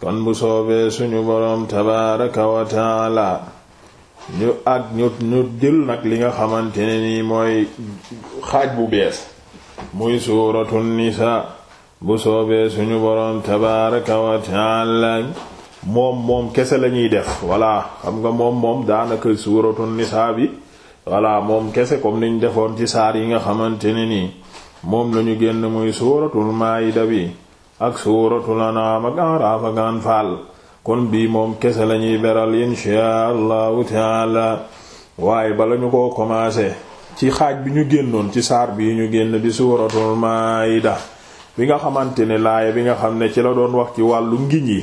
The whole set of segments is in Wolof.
kon bu soobee suñu boroom tabaaraka wa taala ñu ak ñu ñu jël nag li nga xamante ne nii mooy xaaj bu bees muy suuratu nisaa bu soobee suñu boroom tabaaraka wa taala moom moom kese la ñuy def voilà xam nga moom moom daanaka suuratu nisaa bi voilà moom kese comme lañu defoon ci saar yi nga xamante ne nii moom lañu génn muy suuratul maayida bi ak suuratul anaam ak Araaf ak Anfaal kon bii moom kese lañuy beral inshaa allahu taala waaye bala ñu ko commencé ci xaaj bi ñu génnoon ci saar bi ñu génn di suuratul da bi nga xamante ne laaya bi nga xam ne ci la doon wax ci wàllu ngiñ yi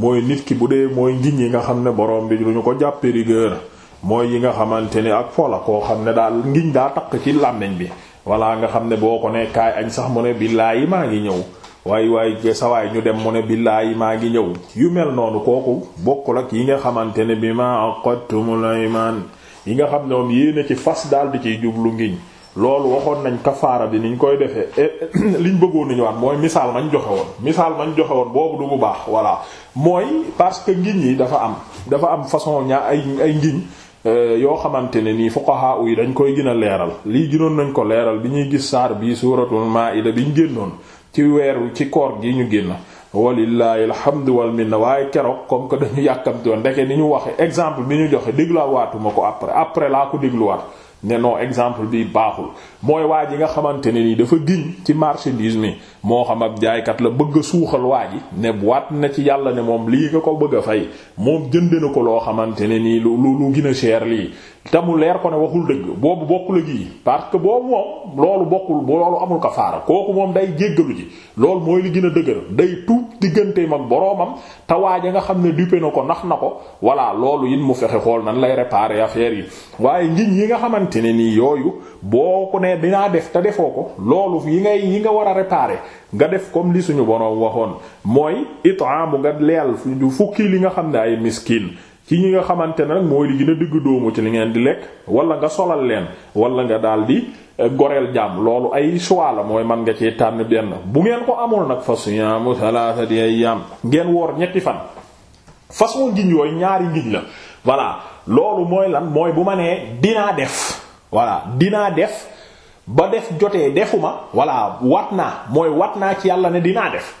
mooy nit ki bu dee mooy ngiñ yi nga xam ne borom bi lu ñu ko jàppe rigueur mooy yi nga xamante ni ak fola koo xam ne daal ngiñ daa takk ci làmmiñ bi walla nga xam ne boo ko ne kaay añ sax mu ne billaahi maa ngi ñëw waaye waaye sawaay ñu dem mu ne billaahi maa ngi ñëw yu mel noonu kooku bokkul ak yi nga xamante ne bi ma aqadtumul man yi nga xam ne moom yéene ci fas daal di ciy jublu ngiñ loolu waxoon nañ kafaara bi niñ koy defee eh, eh, liñ bëggoon ñu wax mooy misaal mañ joxe woon misaal mañ joxe woon boobu du bu baax voilà mooy parce que ngiñ yi dafa am dafa am façon ñaa ay ay ngiñ eh, yoo xamante ne nii fuqaha yi dañ koy gën a leeral lii gënoon nañ ko leeral bi ñuy gis saar bii suuratul maa'ida biñ génnoon ci weeru ci koor gi ñu génn walillahi alhamdu wal minna waaye keroog comme que dañu yàkkamti woon ndeke ni ñu waxe exemple bi ñu joxe dégluwaatuma ko après après laa ko dégluwaat ne non exemple bi baaxul mooy waa ji nga xamante ne nii dafa giñ ci marchandise mi moo xam ab jaaykat la bëgg suuxal waa ji ne waat na ci yàlla ne moom lii nga ko bëgg a fay moom jënd na ko loo xamante ne nii lu lu lu gën a lii te mu leer ko ne waxul dëgg boobu bokkul ak yi parce que boobu moom loolu bokkul loolu amul kafaara kooku moom day jéggalu ji loolu mooy li gën a dëgër day tuub digganteem ak boroomam te waaj a nga xam ne dupe na ko nax na ko voilà loolu it mu fexe xool nan lay réparer affaire yi. waaye ngiñ yi nga xamante ne nii yooyu boo ko nee dinaa def te defoo ko loolu yi ngay yi nga war a réparer nga def comme li suñu boroom waxoon mooy it'am nga leel fukki li nga xam ne ay miskin. ci ñi nga xamante ne nag mooy li gën digg dóomu ci li ngeen di lekk wala nga solal leen walla nga daldi eh, goreel jàmm loolu ay choix la mooy man nga ci tànn benn bu ngeen ko amul nag fa siyaamu thalathati ayyam ngeen woor ñetti fan façon ngiñ yooyu ñaari ngiñ la voilà loolu mooy lan mooy bu ma nee dinaa def voilà dinaa def ba def jotee defuma voilà wat naa mooy wat naa ci yàlla ne dinaa def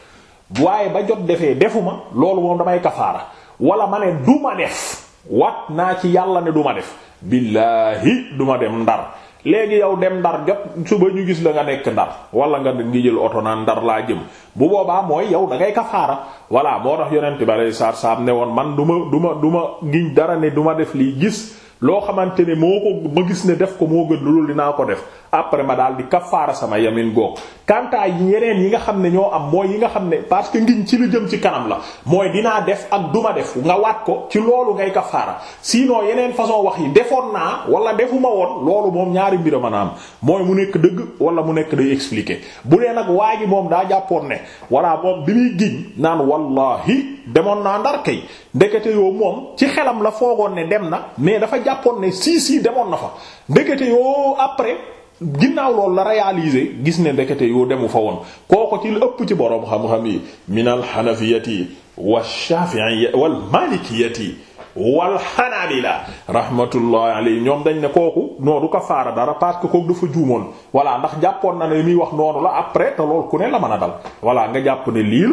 waaye ba jot defee defuma loolu moom damay kafaara wala ma ne du ma def wat naa ci yàlla ne duma ma def billaahi du ma dem ndar léegi yow dem ndar jot suba ñu gis la nga nekk ndar wala nga ngi jël oto naan ndar laa jëm bu boobaa mooy yow da ngay kafaara voilà moo tax yonent bi aleyhi salaatu salaam ne woon man du ma du ma du ma giñ dara ne du ma def lii gis loo xamante ne moo ko ma gis ne def ko moo gën lu loolu dinaa ko def après ma daal di kafaara sama yamin goog kantaa yeneen yi nga xam ne ñoo am mooy yi nga xam ne parce que ngiñ ci lu jëm ci kanam la mooy dinaa def ak duma def nga waat ko ci loolu ngay kafaara sinon yeneen façon wax yi defoon naa wala defuma woon loolu moom ñaari mbir a naan mooy mu nekk dëgg wala mu nekk day expliquer bu dee nag waa ji moom daa jàppoon ne walla moom bi muy giñ naan wallahi demoon naa ndar kay ndekete yoo moom ci xelam la foogoon ne dem na mais dafa jàppoon ne si si demoon na fa ndekete yoo après ginnaaw loolu la réaliser gis ne ndekete yoo demu fa woon kooko ci lu ëpp ci boroom xam-xam yi min alxanafiyati wa shafi'iyya wal malikiyati wal xanaabila rahmatullahi alayhi ñoom dañ ne kooku noo du ko faara dara parce que kooku dafa juumoon voilà ndax jàppoon na ne muy wax noonu la après te loolu ku ne la mën a dal voilà nga jàpp lii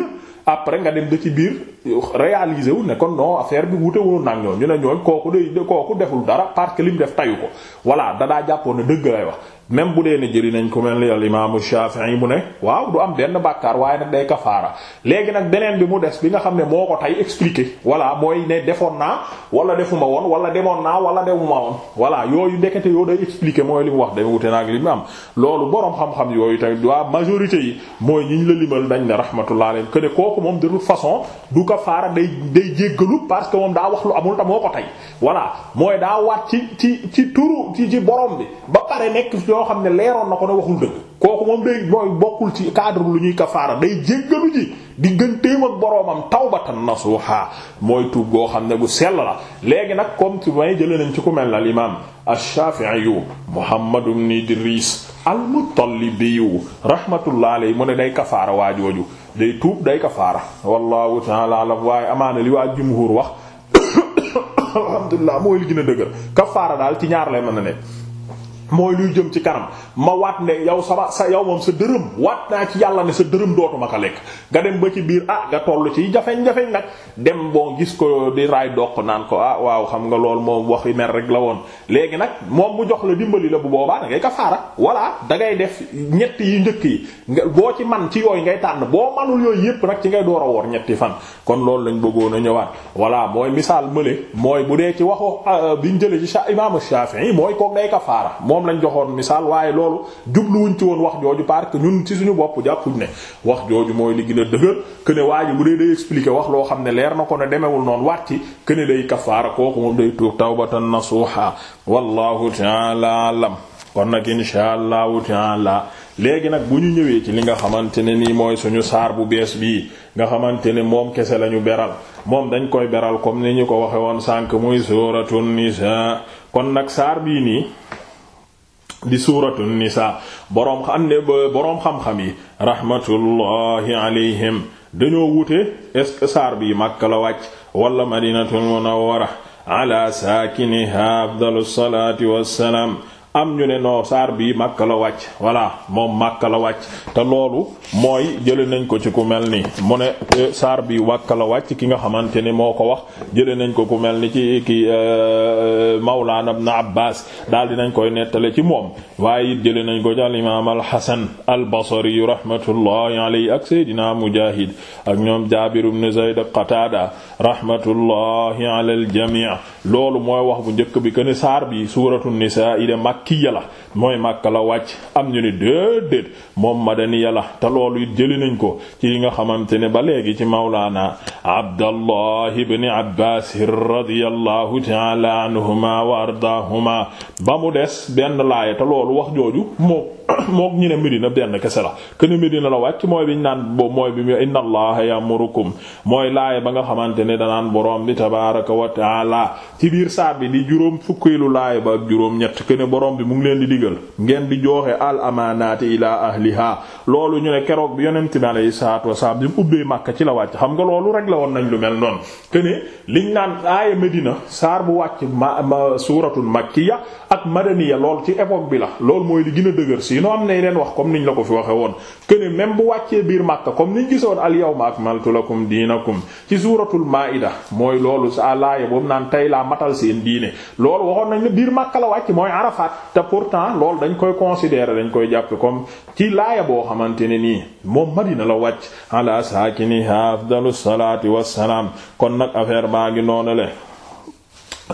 la nga dem ci biir réaliser wu ne kon non affaire bi wute wu nag ñoom ne ñooñ kooku day kooku deful dara parce que lim def tayu ko voilà dadaa jàppoon ne dëgg lay wax même bu dee ne jëli nañ ko mel ni al imaamu Shafi'i mu ne waaw du am benn bàkkaar waaye nag day kafaara léegi nag beneen bi mu des bi nga xam ne moo ko tey expliqué voilà mooy ne defoon naa wala defuma woon wala demoon naa wala demuma woon voilà yooyu ndekete yoo day expliqué mooy li mu wax dama wute naag li mu am xam yooyu tamit waa majorité yi mooy ñi ñu la limal kafaara day day jéggalu parce que moom daa wax lu amul ta moo ko tey voilà mooy daa waat ci ci ci turu ci ci borom bi ba pare nekk yoo xam ne leeroon na ko ne waxul dëgg kooku moom day bokkul ci cadre lu ñuy kafaara day jéggalu ji digganteem ak boroomam tawbatan nasuha mooy tuub goo xam ne gu sell la léegi nag comme ci may jëlee nañ ci ku mel ne al imaam ash-Shafi'i Muhammad ibn Idris al-Muttalibi rahmatullah alayhi mu ne day kafaara waajooju day tuub day kafaara wallahu ta'ala alam waaye amaana li waa jumhur wax alhamdulilah mooy li gën dëgër kafaara daal ci ñaar lay mën a nekk mooy luy jëm ci kanam ma waat ne yow sama sa yow moom sa dërëm waat naa ci yàlla ne sa dërëm dootuma ko lekk nga dem ba ci biir ah nga toll ci jafeñ-jafeñ nag dem boo gis ko di raay doq naan ko ah waaw xam nga lool moom waxi mer rek la woon léegi nag moom mu jox la dimbali la bu boobaa da ngay kafaara voilà da ngay def ñett yi njëkk yi boo ci man ci yooy ngay tànn boo manul yooyu yépp nag ci ngay door a woor ñetti fan kon loolu lañ bëggoon a ñëwaat voilà mooy misaal mële mooy bu dee ci waxu ah, biñ jële ci imam Shafi'i mooy koog day moom lañ joxoon misaal waaye loolu jubluwuñ ci woon wax jooju parce que ñun ci suñu bopp jàppuñ ne wax jooju mooy li gën a dëgër que ne waa bu dee day expliquer wax loo xam ne leer na ko ne demeewul noonu waat ci que ne day kafaara kooku moom day tuub tawbatan nasuha wallahu ta'ala alam kon nag insha allahu ta'ala léegi nag bu ñu ñëwee ci li nga xamante ne nii mooy suñu saar bu bees bii nga xamante ne moom kese lañu beral moom dañ koy beral comme ni ñu ko waxe woon sànk muy suuratu nisaa kon nag di suuratu nisaa boroom xam xam-xam yi rahmatullahi alayhim dañoo wute est-ce que saar bi Makka la wàcc wala Madinatul Munawwara ala saakiniha afdalu salaati am ñu ne noo saar bii Makka la wàcc voilà moom makk la wàcc te loolu mooy jële nañ ko ci ku mel ni mu ne eh, saar bi Makka la wàcc ki nga xamante ne moo ko wax jële nañ ko ku mel ni ci ki eh, Mawlana Ibn Abbas daal nañ koy nettale ci moom waaye it jële nañ ko ci al imaam al Hasan al Basri rahmatullahi alayhi ak Seydina Mujahid ak ñoom Jaabir ibn Zayd Qatada rahmatullahi ala al loolu mooy wax bu njëkk bi que saar bi suuratu nisaa ila Makka makkiya la mooy Makka la wàcc am ñu ne déedéet moom madaniya la te loolu it jëli nañ ko ci yi nga xamante ne ba léegi ci mawlaana Abdallah ibn Abbaas radiyallahu ta'ala anhuma wa ardaahuma ba mu des benn laaya te loolu wax jooju moo moo ñu ne Medina benn kese la këne Medina la wàcc mooy bi ñu naan boobu mooy bi mu inna allaha yamurukum mooy laaya ba nga xamante ne danaan borom bi tabaaraka wa taala ci biir saar bi di juróom fukkeelu laaya ba ak juróom ñett këne borom bi mu ngi leen di digal ngeen di joxe al amaanaati ilaa ahliha loolu ñu ne keroog bi yonent bi alayhi salaatu wasalaam bi mu ubbee Makka ci la wàcc xam nga loolu rek la woon nañ lu mel noonu këne liñ naan aaya Medina saar bu wàcc ma suuratul makkiya madaniya lool ci époque bi la loolu mooy li gën a dëgër sinon am na yeneen wax comme niñ la ko fi waxe woon këne même bu wàccee biir Makka comme niñ gisoon al yawma akmaltu lakum diinakum ci suuratul maida mooy loolu sa laaya boobu naan tey laa matal seen diine loolu waxoon nañ ne biir Makka la wàcc mooy Arafat te pourtant loolu dañ koy considérer dañ koy jàppe comme ci laaya boo xamante ne nii moom Madina la wàcc ala saakiniha afdalus salaati wassalaam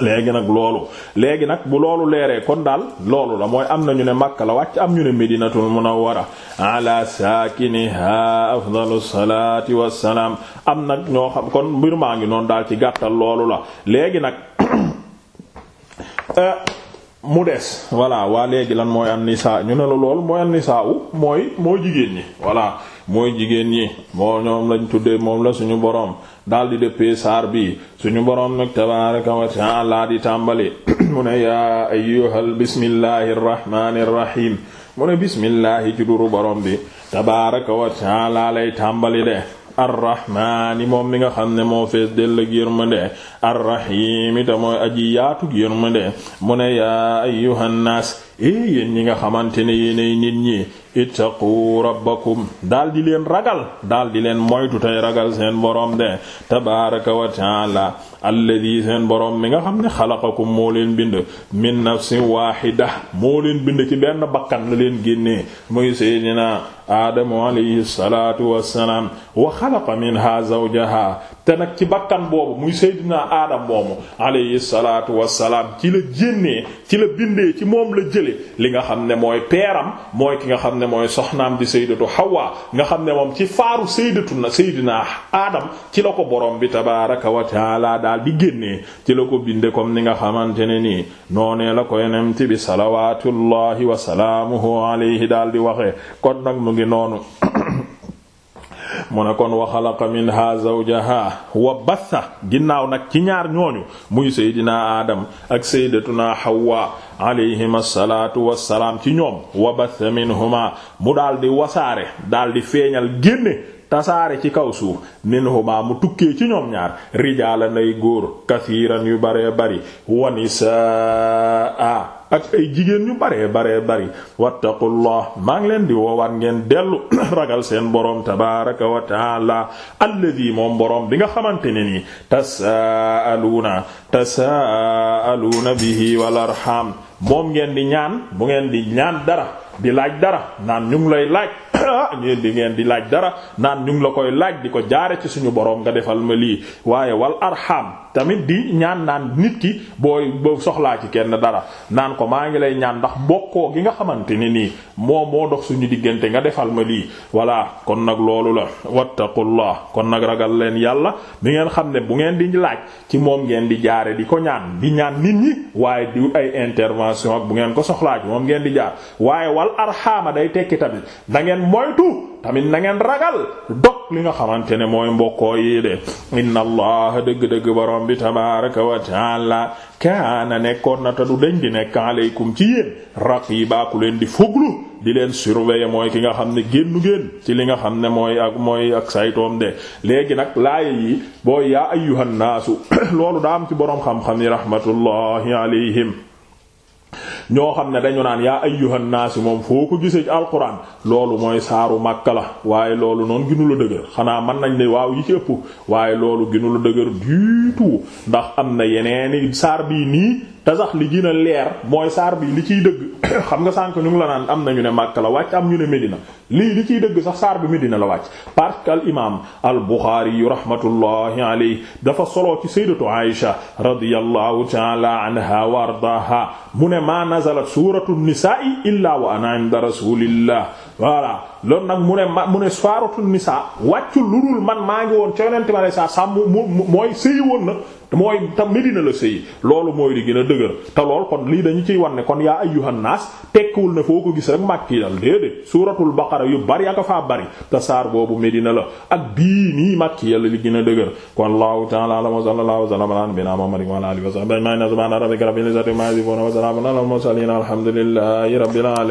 léegi nag loolu léegi nag bu loolu leeree kon daal loolu la mooy am na ñu ne Makka la wàcc am ñu ne Medinatul Munawwara ala saakiniha afdalu salaati wassalaam am nag ñoo xam kon mbir maa ngi noonu daal ci gàttal loolu la léegi nag eh, mu des voilà waa léegi lan mooy an nisaa ñu ne la lool mooy an nisaa u mooy moo jigéen ñi voilà mooy jigéen ñi moo ñoom lañ tuddee moom la suñu boroom daldi dëppee saar bi suñu boroom nag tabaaraka wa ta'aala di tàmbali mu ne yaa ayyuhal bismillaahir rahmaanir mu ne bismillaahi ci duru boroom bi tabaaraka wa ta'aala lay tàmbali de arrahmaani moom mi nga xam ne moo fees dell ak yërmande arrahiimi te mooy aji yaatu yërmande mu ne yaa ayyuhan naas e yéen ñi nga xamante ne yéenay nit ñi ittaqu rabbakum daal di leen ragal daal di leen moytu tey ragal seen borom de tabaraka wa taala alladi seen borom mi nga xam ne xalaqakum moo leen bind min nafsin waahida moo leen bind ci benn bakkan la leen génnee muy seydina aadamu alayhi salaatu wassalaam wa xalaqa minha zawjaha te nag ci bakkan boobu muy seydinaa aadam moomu alayhi salaatu wassalaam ci la jénnee ci la bindee ci moom la jële li nga xam ne mooy peeram mooy ki nga xam ne mooy soxnaam di saydatu hawa nga xam ne moom ci faaru saydatu na seydinaa aadam ci la ko borom bi tabaaraka wa daal di génnee ci la ko binde comme ni nga xamante ne nii noonee la ko yeneenti bi salawaatullahi wa salaamuhu alayhi daal di waxee kon nag mu ngi noonu mu ne kon wa xalaqa minha zawjaha wa batha ginnaaw nag ci ñaar ñooñu muy seydina adam ak sayyidatuna hawa alayhim asalaatu wassalaam ci ñoom wa batha minhuma mu daal di wasaare daal di feeñal génne tasaare ci kaw suuf minhuma mu tukkee ci ñoom ñaar rijaalan ay góor kasiiran yu bare bari wanisaa ak ay jigéen ñu bare bare bari wattaqullah maa ngi leen di woowaat ngeen dellu ragal seen boroom tabaaraka wa taala alladi moom boroom bi nga xamante ne nii tasaaluuna tasaaluuna bihi wal arham moom ngeen di ñaan bu ngeen di ñaan dara di laaj dara naan ñu ngi lay laaj ñeen di ngeen di laaj dara naan ñu la koy laaj di ko jaare ci suñu boroom nga defal ma lii waaye wal arham tamit di ñaan naan nit ki booy boo soxlaa ci kenn dara naan ko maa ngi lay ñaan ndax bokkoo gi nga xamante ne nii moo moo dox suñu diggante nga defal ma lii voilà kon nag loolu la wattaqullah kon nag ragal leen yàlla bi ngeen xam ne bu ngeen di laaj ci moom ngeen di jaare di ko ñaan di ñaan nit ñi waaye di ay intervention ak bu ngeen ko soxlaa ci moom ngeen di jaar wal arxaama day tekki tamit da ngeen moytu tamit na ngeen ragal dok li nga xamante ne mooy mbokkoo yi de inna allah dëgg-dëgg borom bi tabaraka wa taala kaana nekkoon na te du deñ di nekk aleykum ci yéen raqiba ku leen di fuglu di leen surveiller mooy ki nga xam ne génnu génn ci li nga xam ne mooy ak mooy ak saytoom de léegi nag laaya yi booy yaa ayyuhan loolu daa am ci boroom xam-xam yi rahmatullahi alayhim ñoo xam ne dañu naan yaa ay naasi moom foo ko gisee ci alquran loolu mooy saaru Makka la waaye loolu noonu ginu la dëgër xanaa mën nañ ne waaw yi ci ëpp waaye loolu ginu la dëgër du tout ndax am na yeneeni saar bii nii te sax li gën leer mooy saar bi li ciy dëgg xam nga sànk ñu ngi la naan am na ñu ne Makka la wàcc am ñu ne Medina lii li ciy dëgg sax saar bi Medina la wàcc parce que al imaam al Buxaari yu rahmatullahi alayhi dafa soloo ci sayyidatu Aisha radiyallahu ta'ala anha wa ardaaha mu ne ma nazalat suuratu nisaa'i illaa wa ana inda rasulillah voilà loolu nag mu ne ma mu ne soiratun nisa wàccul lu dul man maa ngi woon ca yonente ma lay saa sàmm mu mooy sëyi woon na mooy tam Medina la sëyi loolu mooy di gën a dëgër te lool kon lii dañu ciy wan ne kon yaa ayyuhan naas tekkiwul ne foo ko gis rek màkki dal déedéet suuratul baqara yu bari aka faa bari te saar boobu Medina la ak bii nii màkki yàlla li gën a dëgër kon allahu ta'ala wa sallallahu wa sallam ala nabiyyina